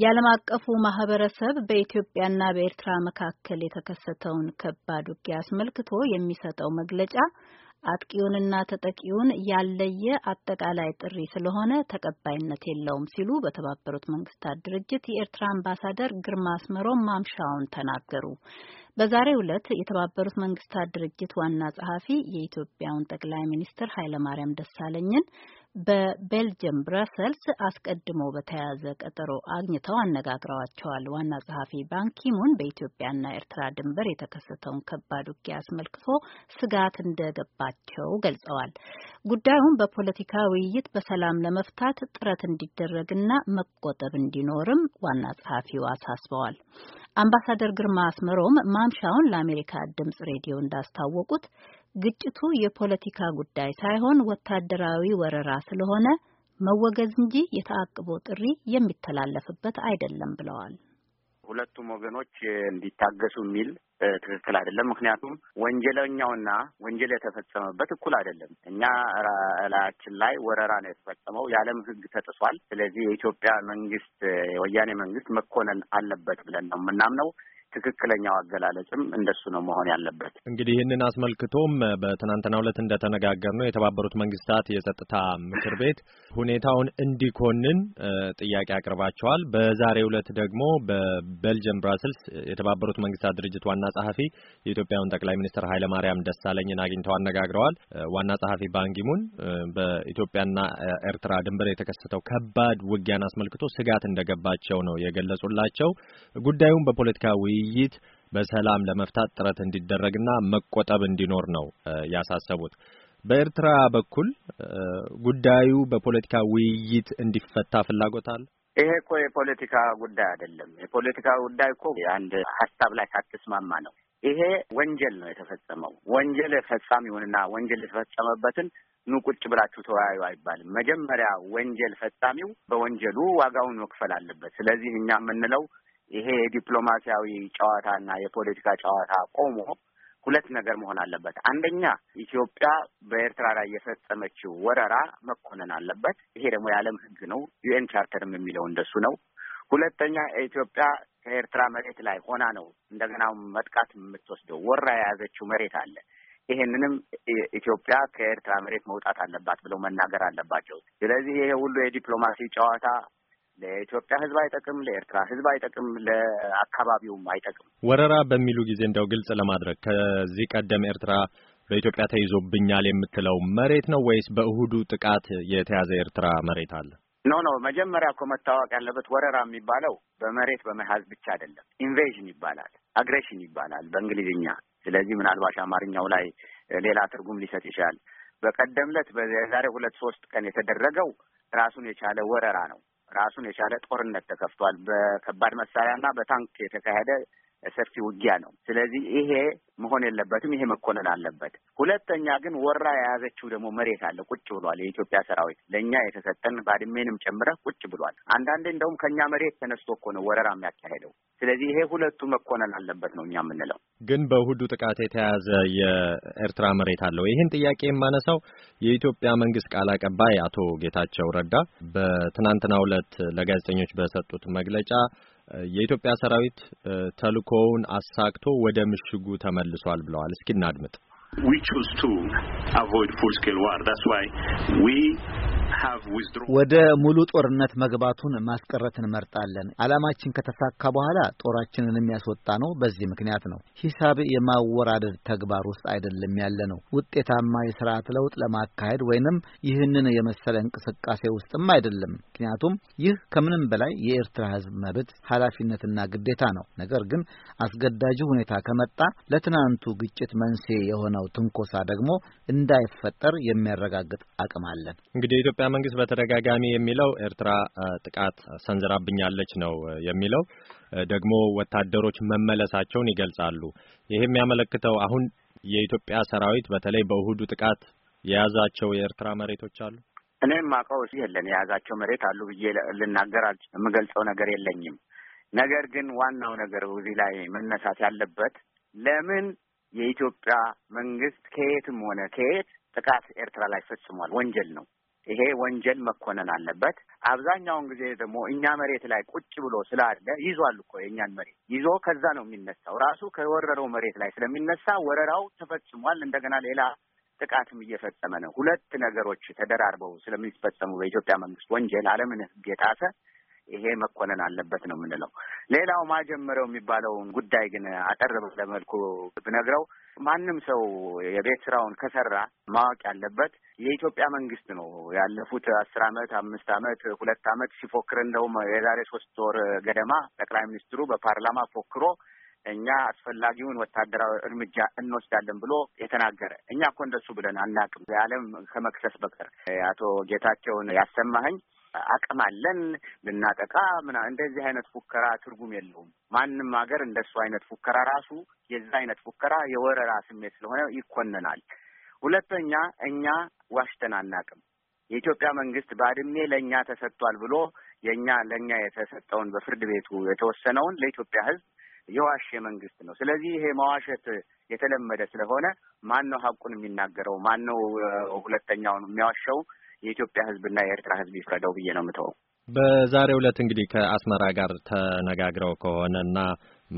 የዓለም አቀፉ ማህበረሰብ በኢትዮጵያና በኤርትራ መካከል የተከሰተውን ከባድ ውጊያ አስመልክቶ የሚሰጠው መግለጫ አጥቂውንና ተጠቂውን ያለየ አጠቃላይ ጥሪ ስለሆነ ተቀባይነት የለውም ሲሉ በተባበሩት መንግስታት ድርጅት የኤርትራ አምባሳደር ግርማ አስመሮም ማምሻውን ተናገሩ። በዛሬው ዕለት የተባበሩት መንግስታት ድርጅት ዋና ጸሐፊ የኢትዮጵያውን ጠቅላይ ሚኒስትር ኃይለማርያም ደሳለኝን በቤልጅየም ብራሰልስ አስቀድሞ በተያያዘ ቀጠሮ አግኝተው አነጋግረዋቸዋል። ዋና ጸሐፊ ባንኪሙን በኢትዮጵያና ኤርትራ ድንበር የተከሰተውን ከባድ ውጊያ አስመልክቶ ስጋት እንደገባቸው ገልጸዋል። ጉዳዩን በፖለቲካ ውይይት በሰላም ለመፍታት ጥረት እንዲደረግና መቆጠብ እንዲኖርም ዋና ጸሐፊው አሳስበዋል። አምባሳደር ግርማ አስመሮም ማምሻውን ለአሜሪካ ድምጽ ሬዲዮ እንዳስታወቁት ግጭቱ የፖለቲካ ጉዳይ ሳይሆን ወታደራዊ ወረራ ስለሆነ መወገዝ እንጂ የተአቅቦ ጥሪ የሚተላለፍበት አይደለም ብለዋል። ሁለቱም ወገኖች እንዲታገሱ የሚል ትክክል አይደለም። ምክንያቱም ወንጀለኛውና ወንጀል የተፈጸመበት እኩል አይደለም። እኛ ላያችን ላይ ወረራ ነው የተፈጸመው። የዓለም ሕግ ተጥሷል። ስለዚህ የኢትዮጵያ መንግስት፣ የወያኔ መንግስት መኮነን አለበት ብለን ነው የምናምነው። ትክክለኛው አገላለጽም እንደሱ ነው መሆን ያለበት። እንግዲህ ይህንን አስመልክቶም በትናንትናው ዕለት እንደተነጋገር ነው የተባበሩት መንግስታት የጸጥታ ምክር ቤት ሁኔታውን እንዲኮንን ጥያቄ አቅርባቸዋል። በዛሬው ዕለት ደግሞ በቤልጅየም ብራስልስ የተባበሩት መንግስታት ድርጅት ዋና ጸሐፊ የኢትዮጵያውን ጠቅላይ ሚኒስትር ማርያም ደሳለኝን አግኝተው አነጋግረዋል። ዋና ጸሐፊ ባንኪሙን በኢትዮጵያና ኤርትራ ድንበር የተከሰተው ከባድ ውጊያን አስመልክቶ ስጋት እንደገባቸው ነው የገለጹላቸው። ጉዳዩም በፖለቲካ ውይይ ውይይት በሰላም ለመፍታት ጥረት እንዲደረግና መቆጠብ እንዲኖር ነው ያሳሰቡት። በኤርትራ በኩል ጉዳዩ በፖለቲካ ውይይት እንዲፈታ ፍላጎት አለ። ይሄ እኮ የፖለቲካ ጉዳይ አይደለም። የፖለቲካ ጉዳይ እኮ አንድ ሀሳብ ላይ ሳትስማማ ነው። ይሄ ወንጀል ነው የተፈጸመው። ወንጀል ፈጻሚውንና ወንጀል የተፈጸመበትን ኑ ቁጭ ብላችሁ ተወያዩ አይባልም። መጀመሪያ ወንጀል ፈጻሚው በወንጀሉ ዋጋውን መክፈል አለበት። ስለዚህ እኛ የምንለው ይሄ የዲፕሎማሲያዊ ጨዋታና የፖለቲካ ጨዋታ ቆሞ ሁለት ነገር መሆን አለበት። አንደኛ ኢትዮጵያ በኤርትራ ላይ የፈጸመችው ወረራ መኮነን አለበት። ይሄ ደግሞ የዓለም ሕግ ነው። ዩኤን ቻርተርም የሚለው እንደሱ ነው። ሁለተኛ ኢትዮጵያ ከኤርትራ መሬት ላይ ሆና ነው እንደገና መጥቃት የምትወስደው። ወራ የያዘችው መሬት አለ። ይሄንንም ኢትዮጵያ ከኤርትራ መሬት መውጣት አለባት ብለው መናገር አለባቸው። ስለዚህ ይሄ ሁሉ የዲፕሎማሲ ጨዋታ ለኢትዮጵያ ሕዝብ አይጠቅም፣ ለኤርትራ ሕዝብ አይጠቅም፣ ለአካባቢውም አይጠቅም። ወረራ በሚሉ ጊዜ እንደው ግልጽ ለማድረግ ከዚህ ቀደም ኤርትራ በኢትዮጵያ ተይዞብኛል የምትለው መሬት ነው ወይስ በእሁዱ ጥቃት የተያዘ ኤርትራ መሬት አለ? ኖ ኖ፣ መጀመሪያ እኮ መታወቅ ያለበት ወረራ የሚባለው በመሬት በመያዝ ብቻ አይደለም። ኢንቬዥን ይባላል፣ አግሬሽን ይባላል በእንግሊዝኛ። ስለዚህ ምናልባሽ አማርኛው ላይ ሌላ ትርጉም ሊሰጥ ይችላል። በቀደም ዕለት የዛሬ ሁለት ሶስት ቀን የተደረገው ራሱን የቻለ ወረራ ነው። ራሱን የቻለ ጦርነት ተከፍቷል። በከባድ መሳሪያና በታንክ የተካሄደ ሰፊ ውጊያ ነው። ስለዚህ ይሄ መሆን የለበትም። ይሄ መኮነን አለበት። ሁለተኛ ግን ወራ የያዘችው ደግሞ መሬት አለ ቁጭ ብሏል። የኢትዮጵያ ሰራዊት ለእኛ የተሰጠን ባድሜንም ጨምረህ ቁጭ ብሏል። አንዳንዴ እንደውም ከእኛ መሬት ተነስቶ እኮ ነው ወረራ የሚያካሄደው። ስለዚህ ይሄ ሁለቱ መኮነን አለበት ነው እኛ የምንለው። ግን በእሁዱ ጥቃት የተያዘ የኤርትራ መሬት አለው። ይህን ጥያቄ የማነሳው የኢትዮጵያ መንግስት ቃል አቀባይ አቶ ጌታቸው ረዳ በትናንትናው ዕለት ለጋዜጠኞች በሰጡት መግለጫ የኢትዮጵያ ሰራዊት ተልእኮውን አሳክቶ ወደ ምሽጉ ተመልሷል ብለዋል። እስኪ እናድምጥ። we choose to avoid full scale war that's why we ወደ ሙሉ ጦርነት መግባቱን ማስቀረት እንመርጣለን። ዓላማችን ከተሳካ በኋላ ጦራችንን የሚያስወጣ ነው። በዚህ ምክንያት ነው ሂሳብ የማወራደድ ተግባር ውስጥ አይደለም ያለ ነው። ውጤታማ የስርዓት ለውጥ ለማካሄድ ወይንም ይህንን የመሰለ እንቅስቃሴ ውስጥም አይደለም። ምክንያቱም ይህ ከምንም በላይ የኤርትራ ሕዝብ መብት ኃላፊነትና ግዴታ ነው። ነገር ግን አስገዳጅ ሁኔታ ከመጣ ለትናንቱ ግጭት መንስኤ የሆነው ትንኮሳ ደግሞ እንዳይፈጠር የሚያረጋግጥ አቅም አለን። እንግዲህ የኢትዮጵያ የኢትዮጵያ መንግስት በተደጋጋሚ የሚለው ኤርትራ ጥቃት ሰንዝራብኛለች ነው የሚለው። ደግሞ ወታደሮች መመለሳቸውን ይገልጻሉ። ይህ የሚያመለክተው አሁን የኢትዮጵያ ሰራዊት በተለይ በእሁዱ ጥቃት የያዛቸው የኤርትራ መሬቶች አሉ። እኔም አውቀው የለን የያዛቸው መሬት አሉ ብዬ ልናገር የምገልጸው ነገር የለኝም። ነገር ግን ዋናው ነገር እዚህ ላይ መነሳት ያለበት ለምን የኢትዮጵያ መንግስት ከየትም ሆነ ከየት ጥቃት ኤርትራ ላይ ፈጽሟል፣ ወንጀል ነው። ይሄ ወንጀል መኮነን አለበት። አብዛኛውን ጊዜ ደግሞ እኛ መሬት ላይ ቁጭ ብሎ ስላለ ይዟል እኮ የእኛን መሬት ይዞ ከዛ ነው የሚነሳው። ራሱ ከወረረው መሬት ላይ ስለሚነሳ ወረራው ተፈጽሟል። እንደገና ሌላ ጥቃትም እየፈጸመ ነው። ሁለት ነገሮች ተደራርበው ስለሚፈጸሙ በኢትዮጵያ መንግስት ወንጀል ዓለምን ሕግ የጣሰ ይሄ መኮነን አለበት ነው የምንለው። ሌላው ማጀመሪያው የሚባለውን ጉዳይ ግን አጠር ባለ መልኩ ብነግረው ማንም ሰው የቤት ስራውን ከሰራ ማወቅ ያለበት የኢትዮጵያ መንግስት ነው። ያለፉት አስር አመት አምስት አመት ሁለት አመት ሲፎክር እንደውም የዛሬ ሶስት ወር ገደማ ጠቅላይ ሚኒስትሩ በፓርላማ ፎክሮ እኛ አስፈላጊውን ወታደራዊ እርምጃ እንወስዳለን ብሎ የተናገረ እኛ እኮ እንደሱ ብለን አናቅም። የዓለም ከመክሰስ በቀር አቶ ጌታቸውን ያሰማኸኝ አቅም አለን ልናጠቃ ምና እንደዚህ አይነት ፉከራ ትርጉም የለውም። ማንም ሀገር እንደሱ አይነት ፉከራ ራሱ የዛ አይነት ፉከራ የወረራ ስሜት ስለሆነ ይኮነናል። ሁለተኛ እኛ ዋሽተን አናቅም። የኢትዮጵያ መንግስት ባድሜ ለእኛ ተሰጥቷል ብሎ የእኛ ለእኛ የተሰጠውን በፍርድ ቤቱ የተወሰነውን ለኢትዮጵያ ህዝብ የዋሸ መንግስት ነው። ስለዚህ ይሄ መዋሸት የተለመደ ስለሆነ ማን ነው ሀቁን የሚናገረው? ማን ነው ሁለተኛውን የሚያዋሸው? የኢትዮጵያ ህዝብና የኤርትራ ህዝብ ይፍረደው ብዬ ነው የምተወው። በዛሬው ዕለት እንግዲህ ከአስመራ ጋር ተነጋግረው ከሆነና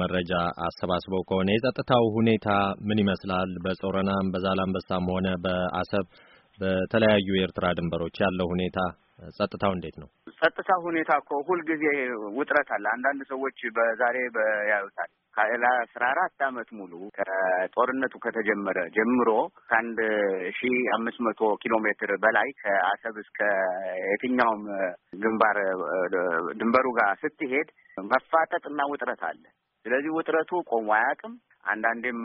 መረጃ አሰባስበው ከሆነ የጸጥታው ሁኔታ ምን ይመስላል? በጾረናም በዛላንበሳም ሆነ በአሰብ በተለያዩ የኤርትራ ድንበሮች ያለው ሁኔታ ጸጥታው እንዴት ነው? ጸጥታ ሁኔታ እኮ ሁልጊዜ ውጥረት አለ። አንዳንድ ሰዎች በዛሬ ያዩታል፣ ከአስራ አራት አመት ሙሉ ከጦርነቱ ከተጀመረ ጀምሮ ከአንድ ሺ አምስት መቶ ኪሎ ሜትር በላይ ከአሰብ እስከ የትኛውም ግንባር ድንበሩ ጋር ስትሄድ መፋጠጥ እና ውጥረት አለ። ስለዚህ ውጥረቱ ቆሞ አያውቅም። አንዳንዴም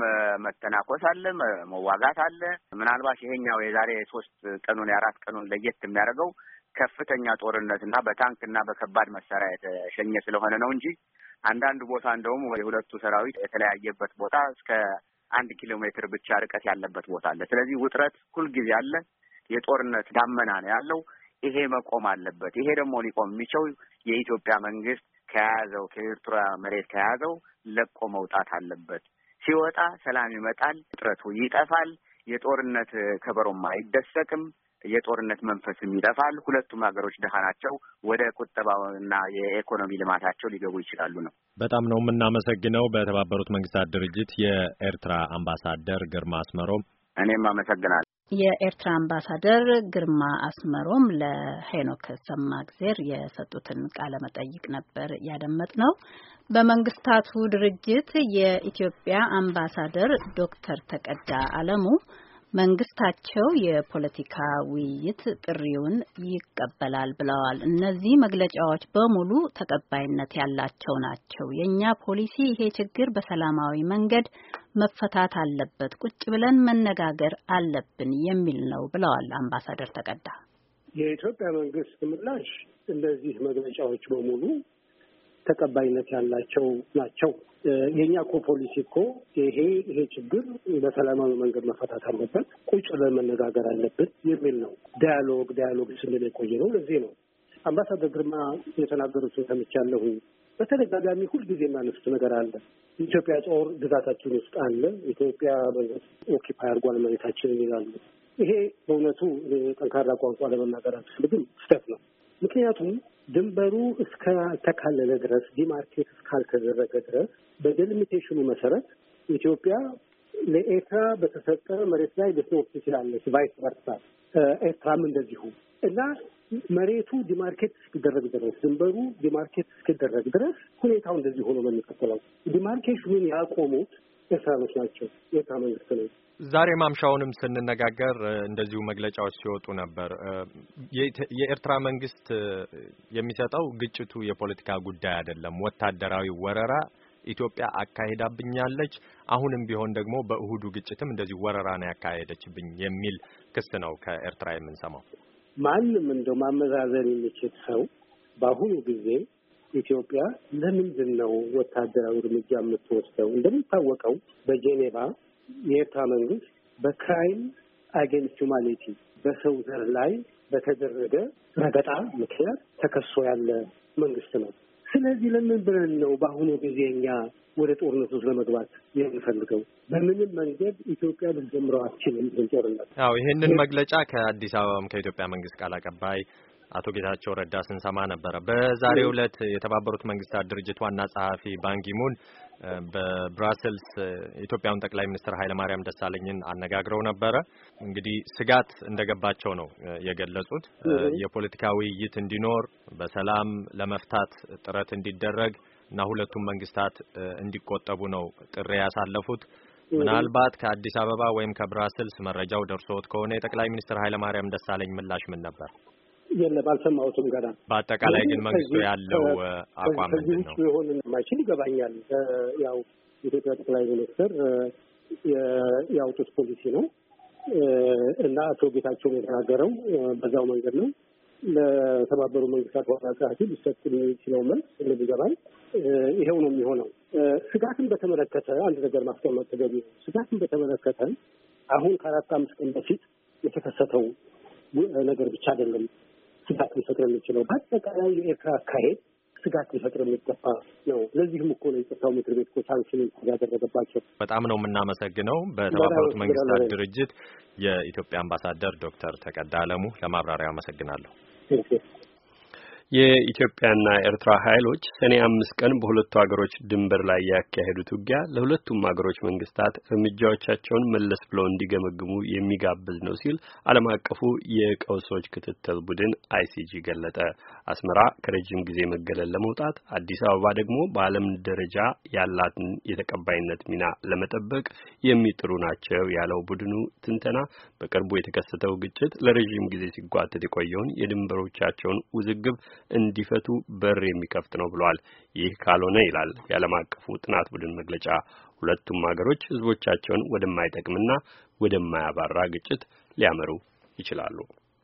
መተናኮስ አለ፣ መዋጋት አለ። ምናልባት ይሄኛው የዛሬ ሶስት ቀኑን የአራት ቀኑን ለየት የሚያደርገው ከፍተኛ ጦርነት እና በታንክ እና በከባድ መሳሪያ የተሸኘ ስለሆነ ነው እንጂ አንዳንድ ቦታ እንደውም የሁለቱ ሰራዊት የተለያየበት ቦታ እስከ አንድ ኪሎ ሜትር ብቻ ርቀት ያለበት ቦታ አለ። ስለዚህ ውጥረት ሁልጊዜ አለ። የጦርነት ዳመና ነው ያለው። ይሄ መቆም አለበት። ይሄ ደግሞ ሊቆም የሚችለው የኢትዮጵያ መንግስት ከያዘው ከኤርትራ መሬት ከያዘው ለቆ መውጣት አለበት። ሲወጣ ሰላም ይመጣል፣ ውጥረቱ ይጠፋል፣ የጦርነት ከበሮም አይደሰቅም። የጦርነት መንፈስም ይጠፋል። ሁለቱም ሀገሮች ድሀ ናቸው። ወደ ቁጠባና የኢኮኖሚ ልማታቸው ሊገቡ ይችላሉ ነው። በጣም ነው የምናመሰግነው። በተባበሩት መንግስታት ድርጅት የኤርትራ አምባሳደር ግርማ አስመሮም። እኔም አመሰግናለሁ። የኤርትራ አምባሳደር ግርማ አስመሮም ለሄኖክ ጊዜር የሰጡትን ቃለ መጠይቅ ነበር ያደመጥ ነው። በመንግስታቱ ድርጅት የኢትዮጵያ አምባሳደር ዶክተር ተቀዳ አለሙ መንግስታቸው የፖለቲካ ውይይት ጥሪውን ይቀበላል ብለዋል። እነዚህ መግለጫዎች በሙሉ ተቀባይነት ያላቸው ናቸው። የእኛ ፖሊሲ ይሄ ችግር በሰላማዊ መንገድ መፈታት አለበት፣ ቁጭ ብለን መነጋገር አለብን የሚል ነው ብለዋል አምባሳደር ተቀዳ። የኢትዮጵያ መንግስት ምላሽ እነዚህ መግለጫዎች በሙሉ ተቀባይነት ያላቸው ናቸው። የእኛ ኮ ፖሊሲ እኮ ይሄ ይሄ ችግር በሰላማዊ መንገድ መፈታት አለበት፣ ቁጭ ብለን መነጋገር አለብን የሚል ነው። ዳያሎግ ዳያሎግ ስንል የቆየ ነው። ለዚህ ነው አምባሳደር ግርማ የተናገሩትን ሰምቻለሁ። በተደጋጋሚ ሁልጊዜ የማነሱት ነገር አለ። ኢትዮጵያ ጦር ግዛታችን ውስጥ አለ፣ ኢትዮጵያ ኦኪፓይ አድርጓል መሬታችንን ይላሉ። ይሄ በእውነቱ ጠንካራ ቋንቋ ለመናገር አልፈልግም፣ ስህተት ነው። ምክንያቱም ድንበሩ እስከተካለለ ድረስ ዲማርኬት እስካልተደረገ ድረስ በዴሊሚቴሽኑ መሰረት ኢትዮጵያ ለኤርትራ በተሰጠ መሬት ላይ ልትኖር ትችላለች፣ ቫይስ ቨርሳ ኤርትራም እንደዚሁ እና መሬቱ ዲማርኬት እስኪደረግ ድረስ ድንበሩ ዲማርኬት እስኪደረግ ድረስ ሁኔታው እንደዚህ ሆኖ ነው የሚቀጥለው። ዲማርኬሽኑን ያቆሙት ኤርትራኖች ናቸው፣ የኤርትራ መንግስት ነው። ዛሬ ማምሻውንም ስንነጋገር እንደዚሁ መግለጫዎች ሲወጡ ነበር። የኤርትራ መንግስት የሚሰጠው ግጭቱ የፖለቲካ ጉዳይ አይደለም፣ ወታደራዊ ወረራ ኢትዮጵያ አካሂዳብኛለች፣ አሁንም ቢሆን ደግሞ በእሁዱ ግጭትም እንደዚሁ ወረራ ነው ያካሄደችብኝ የሚል ክስ ነው ከኤርትራ የምንሰማው። ማንም እንደው ማመዛዘን የሚችል ሰው በአሁኑ ጊዜ ኢትዮጵያ ለምንድን ነው ወታደራዊ እርምጃ የምትወስደው? እንደሚታወቀው በጄኔቫ የኤርትራ መንግስት በክራይም አጌንስት ሁማኒቲ በሰው ዘር ላይ በተደረገ ረገጣ ምክንያት ተከሶ ያለ መንግስት ነው። ስለዚህ ለምን ብለን ነው በአሁኑ ጊዜ እኛ ወደ ጦርነት ውስጥ ለመግባት የምንፈልገው? በምንም መንገድ ኢትዮጵያ ልንጀምረው አችልም ጦርነት። አዎ ይህንን መግለጫ ከአዲስ አበባም ከኢትዮጵያ መንግስት ቃል አቀባይ አቶ ጌታቸው ረዳ ስንሰማ ነበረ። በዛሬው ዕለት የተባበሩት መንግስታት ድርጅት ዋና ጸሐፊ ባንኪሙን በብራሰልስ የኢትዮጵያውን ጠቅላይ ሚኒስትር ማርያም ደሳለኝን አነጋግረው ነበረ። እንግዲህ ስጋት እንደገባቸው ነው የገለጹት። የፖለቲካ ውይይት እንዲኖር በሰላም ለመፍታት ጥረት እንዲደረግ እና ሁለቱም መንግስታት እንዲቆጠቡ ነው ጥሪ ያሳለፉት። ምናልባት ከአዲስ አበባ ወይም ከብራስልስ መረጃው ደርሶት ከሆነ የጠቅላይ ሚኒስትር ማርያም ደሳለኝ ምላሽ ምን ነበር? የለም አልሰማሁትም ገና። በአጠቃላይ ግን መንግስቱ ያለው አቋም ምንድን ነው? ሊሆን የማይችል ይገባኛል። ያው የኢትዮጵያ ጠቅላይ ሚኒስትር ያወጡት ፖሊሲ ነው እና አቶ ጌታቸውን የተናገረው በዛው መንገድ ነው። ለተባበሩ መንግስታት ዋና ጸሐፊ ሊሰጥ የሚችለው መልስ ልብገባል ይሄው ነው የሚሆነው። ስጋትን በተመለከተ አንድ ነገር ማስቀመጥ ተገቢ ነው። ስጋትን በተመለከተ አሁን ከአራት አምስት ቀን በፊት የተከሰተው ነገር ብቻ አይደለም። ስጋት ሊፈጥር የሚችለው በአጠቃላይ የኤርትራ አካሄድ ስጋት ሊፈጥር የሚገባ ነው። ለዚህም እኮ ነው የጸጥታው ምክር ቤት እኮ ሳንክሽን ያደረገባቸው። በጣም ነው የምናመሰግነው። በተባበሩት መንግስታት ድርጅት የኢትዮጵያ አምባሳደር ዶክተር ተቀዳ አለሙ ለማብራሪያ አመሰግናለሁ። የኢትዮጵያና ኤርትራ ኃይሎች ሰኔ አምስት ቀን በሁለቱ ሀገሮች ድንበር ላይ ያካሄዱት ውጊያ ለሁለቱም ሀገሮች መንግስታት እርምጃዎቻቸውን መለስ ብለው እንዲገመግሙ የሚጋብዝ ነው ሲል ዓለም አቀፉ የቀውሶች ክትትል ቡድን አይሲጂ ገለጠ። አስመራ ከረጅም ጊዜ መገለል ለመውጣት፣ አዲስ አበባ ደግሞ በዓለም ደረጃ ያላትን የተቀባይነት ሚና ለመጠበቅ የሚጥሩ ናቸው ያለው ቡድኑ ትንተና በቅርቡ የተከሰተው ግጭት ለረዥም ጊዜ ሲጓተት የቆየውን የድንበሮቻቸውን ውዝግብ እንዲፈቱ በር የሚከፍት ነው ብሏል። ይህ ካልሆነ ይላል የዓለም አቀፉ ጥናት ቡድን መግለጫ፣ ሁለቱም ሀገሮች ህዝቦቻቸውን ወደማይጠቅምና ወደማያባራ ግጭት ሊያመሩ ይችላሉ።